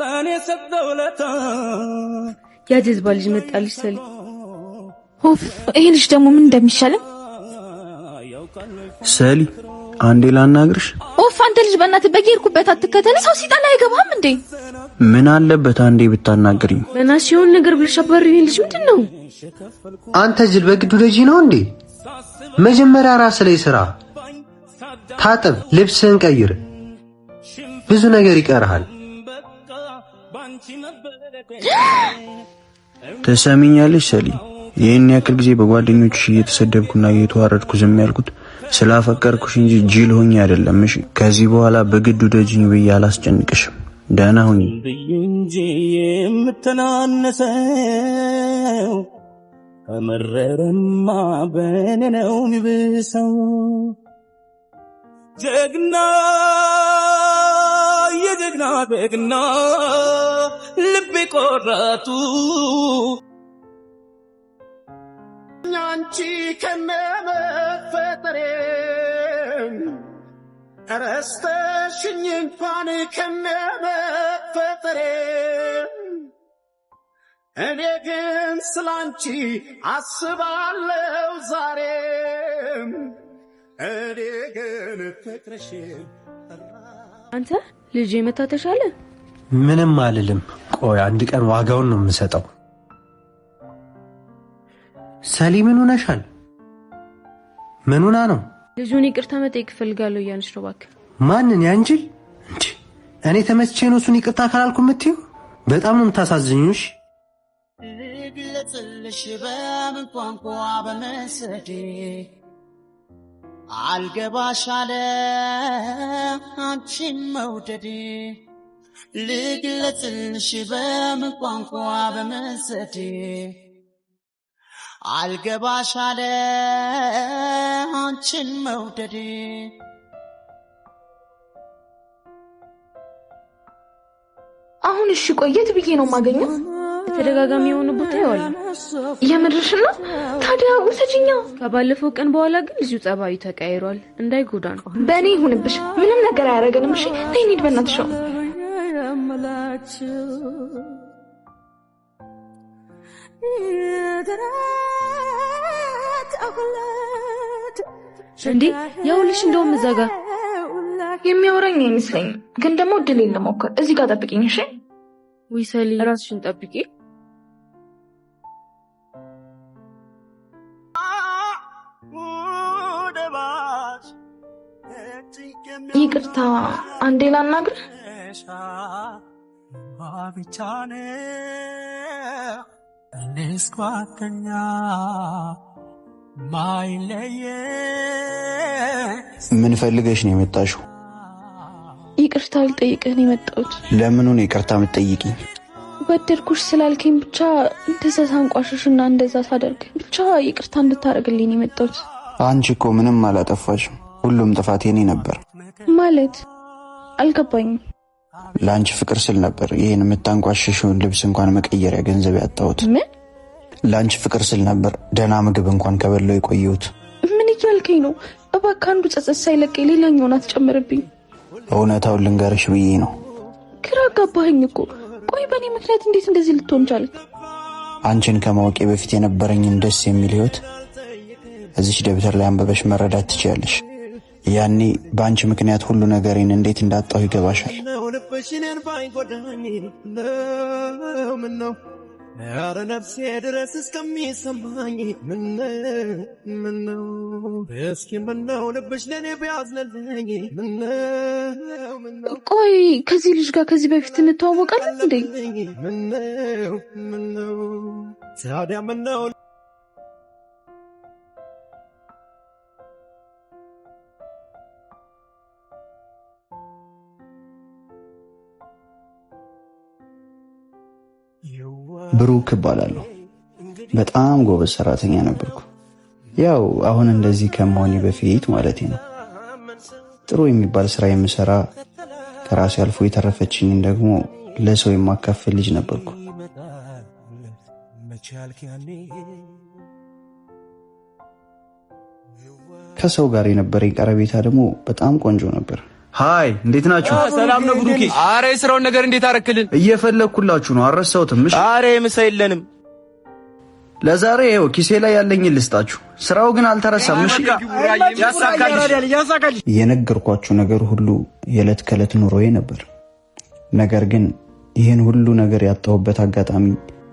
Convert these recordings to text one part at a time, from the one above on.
በእኔ ሰጠው ልጅ መጣልሽ ሰል ሆፍ ልጅ ደግሞ ምን እንደሚሻለን ሰሊ አንዴ ላናግርሽ። ኦፍ አንተ ልጅ በእናትህ በጌርኩበት አትከተል። ሰው ሲጠላ አይገባም እንዴ? ምን አለበት አንዴ ብታናግሪኝ። እና ሲሆን ነገር ብለሽ አባሪ ልጅ ምንድን ነው አንተ ጅል በግዱ ልጅ ነው እንዴ? መጀመሪያ ራስ ላይ ስራ፣ ታጥብ፣ ልብስህን ቀይር፣ ብዙ ነገር ይቀርሃል። ትሰሚኛለሽ ሰሊ፣ ይህን ያክል ጊዜ በጓደኞችሽ እየተሰደብኩና እየተዋረድኩ ዝም ያልኩት ስላፈቀርኩሽ እንጂ ጅል ሆኜ አይደለም። እሺ፣ ከዚህ በኋላ በግድ ደጅኝ ብዬ አላስጨንቅሽም። ደህና ሁኚ እንጂ የምትናነሰው ከመረረማ በኔ ነው የሚብሰው ጀግና ጀግና ደግና ልብ ቆራጡ አንቺ ከነመፈጠሬ ረስተሽኝ እንኳን ከነመፈጠሬ እኔ ግን ስላንቺ አስባለው ዛሬም እኔ ግን ፍቅርሽን አንተ ልጅ ልጄ ተሻለ? ምንም አልልም። ቆይ አንድ ቀን ዋጋውን ነው የምንሰጠው። ሰሊ ምን ሆነሻል? ምን ሆና ነው? ልጁን ይቅርታ መጠየቅ እፈልጋለሁ እያለች ነው። እባክህ ማንን? ያንጅል እንጂ እኔ ተመስቼ ነው እሱን ይቅርታ ካላልኩ የምትይው። በጣም ነው የምታሳዝኙሽ። ልግለጽልሽ በምን ቋንቋ በመሰዴ አልገባሻለ አንቺን መውደድ ልግለጽልሽ በምን ቋንቋ በምን ዘዴ አልገባሻለ አንቺን መውደድ አሁን እሺ ቆየት ብዬ ነው የማገኘው በተደጋጋሚ የሆኑ ቦታ ይዋል የምድርሽ ነው። ታዲያ ውሰጅኛ። ከባለፈው ቀን በኋላ ግን እዚሁ ጸባዩ ተቀይሯል። እንዳይጎዳ ነው። በእኔ ይሁንብሽ፣ ምንም ነገር አያደርገንም። እሺ ነይ እንሂድ፣ እንዴ የውልሽ እንደውም እዛ ጋ የሚያወራኝ አይመስለኝም፣ ግን ደግሞ እድል የለመኩር። እዚህ ጋር ጠብቂኝ እሺ። ወይ ራስሽን ጠብቂ። ይቅርታ፣ አንዴ ላናግር። ምን ፈልገሽ ነው የመጣሽው? ይቅርታ ልጠይቅህ ነው የመጣሁት። ለምኑ ነው ይቅርታ የምትጠይቂኝ? በደልኩሽ ስላልከኝ ብቻ እንደዛ ሳንቋሽሽ እና እንደዛ ሳደርግ ብቻ ይቅርታ እንድታደርግልኝ ነው የመጣሁት። አንቺ እኮ ምንም አላጠፋሽም። ሁሉም ጥፋት የኔ ነበር። ማለት አልገባኝም። ለአንቺ ፍቅር ስል ነበር ይህን የምታንቋሽሽውን ልብስ እንኳን መቀየሪያ ገንዘብ ያጣሁት። ምን? ለአንቺ ፍቅር ስል ነበር ደህና ምግብ እንኳን ከበላው የቆየሁት። ምን እያልከኝ ነው? እባክህ አንዱ ጸጸት ሳይለቀኝ ሌላኛውን አትጨምርብኝ። እውነታውን ልንገርሽ ብዬ ነው። ግራ አጋባህኝ እኮ። ቆይ በእኔ ምክንያት እንዴት እንደዚህ ልትሆን ቻልክ? አንቺን ከማወቄ በፊት የነበረኝን ደስ የሚል ህይወት እዚች ደብተር ላይ አንበበሽ መረዳት ትችያለሽ። ያኔ በአንቺ ምክንያት ሁሉ ነገሬን እንዴት እንዳጣሁ ይገባሻል። ኧረ ነፍሴ ድረስ እስከሚሰማኝ ምነው ምነው እስኪ ምነው ልብሽ ለእኔ ቢያዝንልኝ ምነው ምነው። ቆይ ከዚህ ልጅ ጋር ከዚህ በፊት እንተዋወቃለን እንዴ? ምነው ምነው ታዲያ ምነው ብሩክ እባላለሁ። በጣም ጎበዝ ሰራተኛ ነበርኩ። ያው አሁን እንደዚህ ከመሆኔ በፊት ማለቴ ነው። ጥሩ የሚባል ስራ የምሰራ ከራሴ አልፎ የተረፈችኝን ደግሞ ለሰው የማካፈል ልጅ ነበርኩ። ከሰው ጋር የነበረኝ ቀረቤታ ደግሞ በጣም ቆንጆ ነበር። ሀይ እንዴት ናችሁ? ሰላም ነው ብሩኬ። አረ የስራውን ነገር እንዴት አረክልን? እየፈለግኩላችሁ ነው፣ አልረሳሁትም። እሺ። አረ ምሳ የለንም ለዛሬ። ይኸው ኪሴ ላይ ያለኝ ልስጣችሁ። ስራው ግን አልተረሳም። እሺ፣ የነገርኳችሁ ነገር ሁሉ የዕለት ከዕለት ኑሮዬ ነበር። ነገር ግን ይህን ሁሉ ነገር ያጣሁበት አጋጣሚ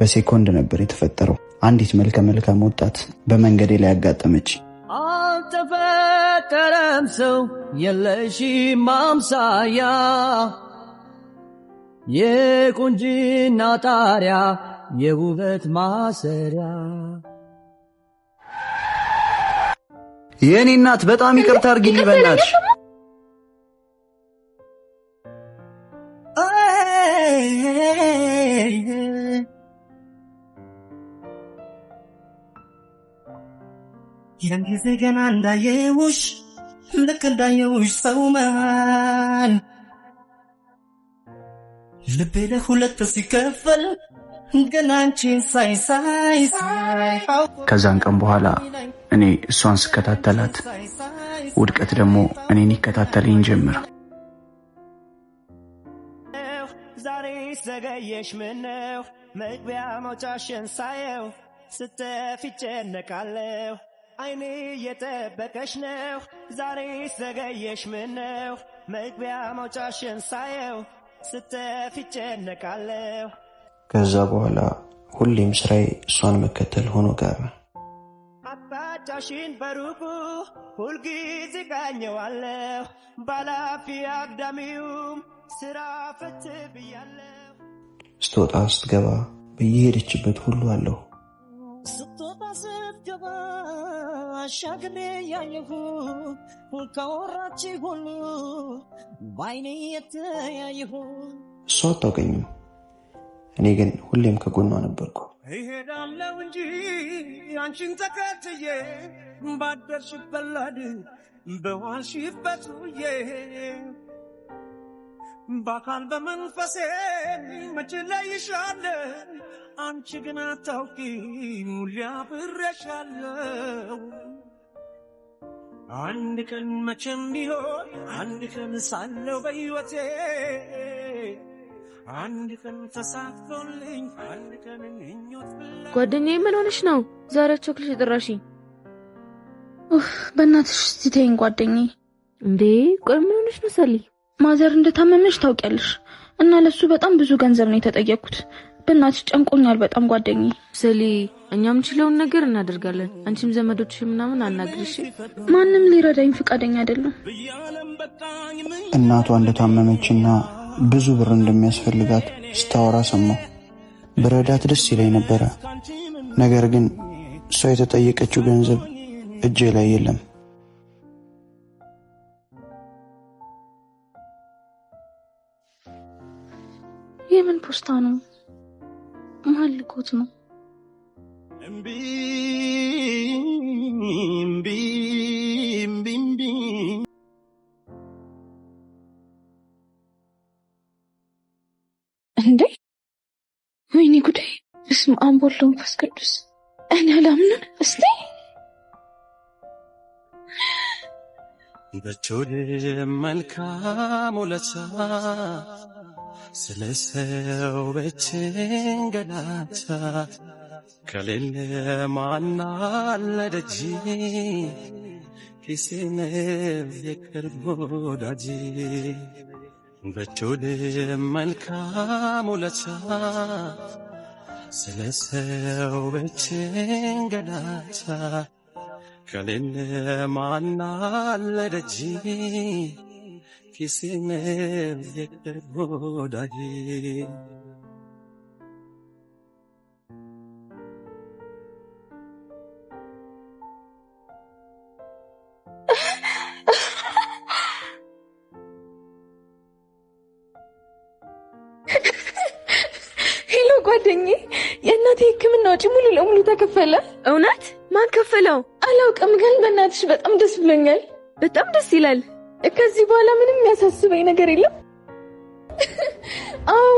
በሴኮንድ ነበር የተፈጠረው። አንዲት መልከ መልካም ወጣት በመንገዴ ላይ አጋጠመች። አልተፈጠረም ሰው የለሽም ማምሳያ የቁንጅና ጣሪያ የውበት ማሰሪያ። የእኔ እናት በጣም ይቅርታ አርግ ይበላች ያን ጊዜ ገና እንዳየውሽ ልክ እንዳየውሽ ሰው መሃል ልቤ ለሁለት ሲከፈል ገና አንቺን ሳይ ሳይ ሳይ ከዛን ቀን በኋላ እኔ እሷን ስከታተላት ውድቀት ደግሞ እኔን ይከታተለኝ ጀምር። ዘገየሽ ምነው መግቢያ መውጫሽን ሳየው ስትፊ ጨነቃለሁ አይኔ የጠበቀሽ ነው ዛሬ ዘገየሽ ነው? መግቢያ መውጫሽን ሳየው ስተፍ ይጨነቃለሁ። ከዛ በኋላ ሁሌም ስራዬ እሷን መከተል ሆኖ ቀረ። አባዳሽን በሩቁ ሁልጊዜ ቃኘዋለሁ። ባላፊ አግዳሚውም ስራ ፈት ብያለሁ። ስትወጣ ስትገባ፣ በየሄደችበት ሁሉ አለሁ ስትወጣ ስትገባ አሻግሬ ያየሁ ካወራች ሁሉ በዓይኔ የተያየሁ እሷ አታውቀኝም፣ እኔ ግን ሁሌም ከጎኗ ነበርኩ። ይሄዳለው እንጂ አንቺን ተከትዬ ባደርሽበት ላድን በዋልሽበት ውዬ በአካል በመንፈሴ መች አንቺ ግን አታውቂም ሊያብረሻለው አንድ ቀን መቼም ቢሆን አንድ ቀን ሳለው በሕይወቴ አንድ ቀን ተሳክቶልኝ አንድ ቀን እኞት ምኞት ጓደኛዬ ምን ሆነሽ ነው ዛሬ ቸኩልሽ የጠራሽኝ? በእናትሽ ስትይኝ ጓደኛዬ። እንዴ ቆይ ምን ሆነሽ ነው ሰሊ? ማዘር እንደታመመሽ ታውቂያለሽ እና ለሱ በጣም ብዙ ገንዘብ ነው የተጠየቅኩት በእናትሽ ጨንቆኛል በጣም ጓደኝ ሰሌ እኛ የምንችለውን ነገር እናደርጋለን። አንቺም ዘመዶች ምናምን አናግርሽ። ማንም ሊረዳኝ ፈቃደኛ አይደለም። እናቷ እንደታመመችና ብዙ ብር እንደሚያስፈልጋት ስታወራ ሰማሁ። ብረዳት ደስ ይለኝ ነበረ። ነገር ግን እሷ የተጠየቀችው ገንዘብ እጄ ላይ የለም። የምን ፖስታ ነው? መሃል ነው። እምቢ እምቢ እምቢ እምቢ እንዴ! ወይኔ ጉዳይ! በስመ አብ ወወልድ ወመንፈስ ቅዱስ። እኔ አላምንም። እስቲ በቸው መልካም ለሳ ስለ ሰው በችንገላታ ከሌለ ማናለደጂ ኪሴን የቅርብ ወዳጅ በቹል መልካም ውለታ ስለ ሰው በችንገላታ ከሌለ ማናለደጂ kisine ነው የቀድሞ ወዳጄ ጓደኝ የእናቴ ህክምና ሙሉ ለሙሉ ተከፈለ እውነት ማን ከፈለው አላውቅም ግን በእናትሽ በጣም ደስ ብሎኛል በጣም ደስ ይላል ከዚህ በኋላ ምንም የሚያሳስበኝ ነገር የለም። አዎ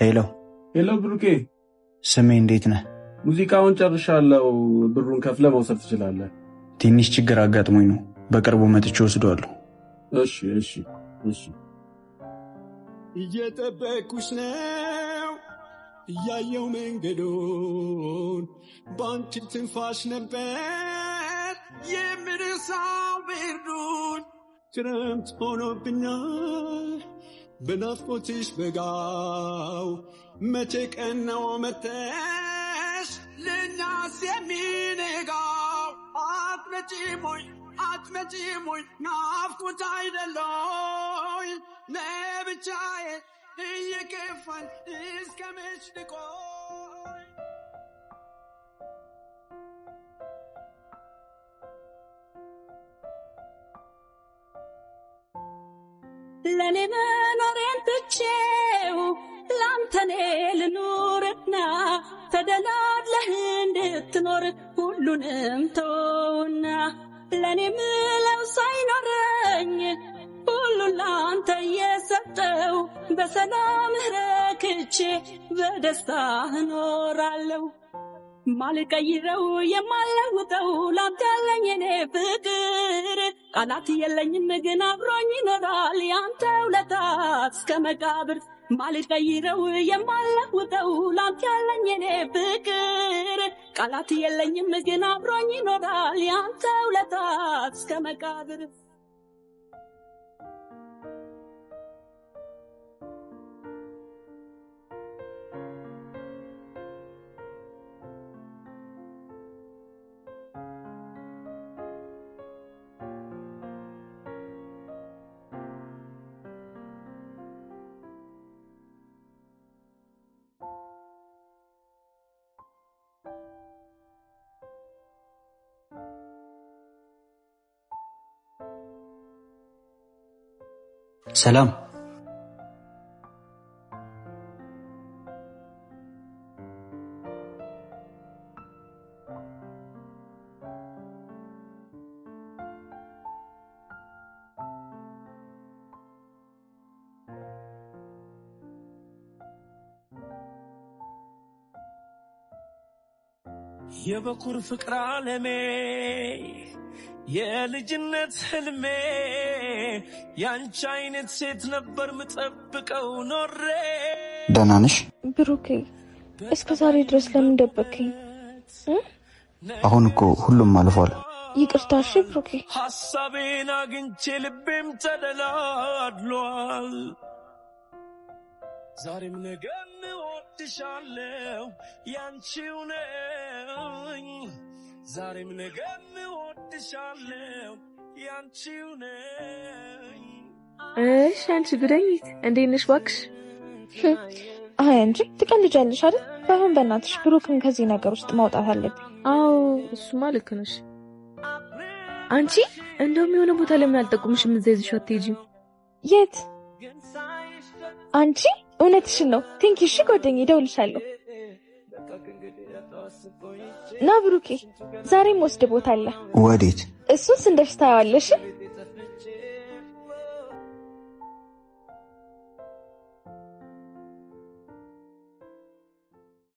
ሄሎ ሄሎ፣ ብሩኬ ስሜ፣ እንዴት ነህ? ሙዚቃውን ጨርሻለሁ። ብሩን ከፍለ መውሰድ ትችላለህ። ትንሽ ችግር አጋጥሞኝ ነው። በቅርቡ መጥቼ ወስደዋለሁ። እሺ እሺ እሺ። እየጠበቅኩሽ ነው እያየው መንገዶን ባንቺ ትንፋሽ ነበር የምንሳው ብርዱን ክረምት ሆኖብኛል በናፍቆትሽ በጋው መቼ ቀን ነው መተሽ ለእኛስ የሚነጋው አትመጪም ወይ ናፍቆት አይደለም ለብቻዬ እየከፋኝ እስከ መች ልቆይ? ለእኔ መኖሬን ትቼው ላንተኔ ልኑርና ተደላድለህ እንድትኖር ሁሉንም ተወውና ለኔ ምለው ሳይኖረኝ ሁሉን እየሰጠው በሰላም ረክቼ በደስታ እኖራለሁ። ማልቀይረው የማለውጠው ላንተለኝ እኔ ፍቅር ቃላት የለኝም ግን አብሮኝ ይኖራል ያንተ ውለታ እስከ መቃብር። ማልቀይረው የማለውጠው ያለኝ እኔ ፍቅር ቃላት የለኝም ግን አብሮኝ ይኖራል ያንተ ውለታ እስከ መቃብር። سلام የበኩር ፍቅር አለሜ የልጅነት ህልሜ ያንቺ አይነት ሴት ነበር ምጠብቀው ኖሬ። ደህና ነሽ ብሩኬ? እስከ ዛሬ ድረስ ለምን ደበከኝ? አሁን እኮ ሁሉም አልፏል። ይቅርታ እሺ ብሩኬ። ሀሳቤን አግኝቼ ልቤም ተደላድሏል። ዛሬም ነገም እወድሻለሁ ያንቺው ነኝ ዛሬም ነገም እወድሻለሁ ያንቺው ነኝ። እሺ አንቺ ጉደኝት እንዴት ነሽ ባክሽ? አይ እንጂ ትቀልጃለሽ አይደል? ባይሆን በእናትሽ ብሩክን ከዚህ ነገር ውስጥ ማውጣት አለብኝ። አዎ እሱማ ልክ ነሽ። አንቺ እንደውም የሆነ ቦታ ለምን አልጠቁምሽም? እዛ ይዘሽው አትሄጂም? የት አንቺ እውነትሽን ነው ቴንኪ። እሺ ጓደኛዬ፣ እደውልልሻለሁ። ና ብሩኬ፣ ዛሬም ወስድ ቦታ አለ። ወዴት? እሱን ስንደርስ ታየዋለሽ።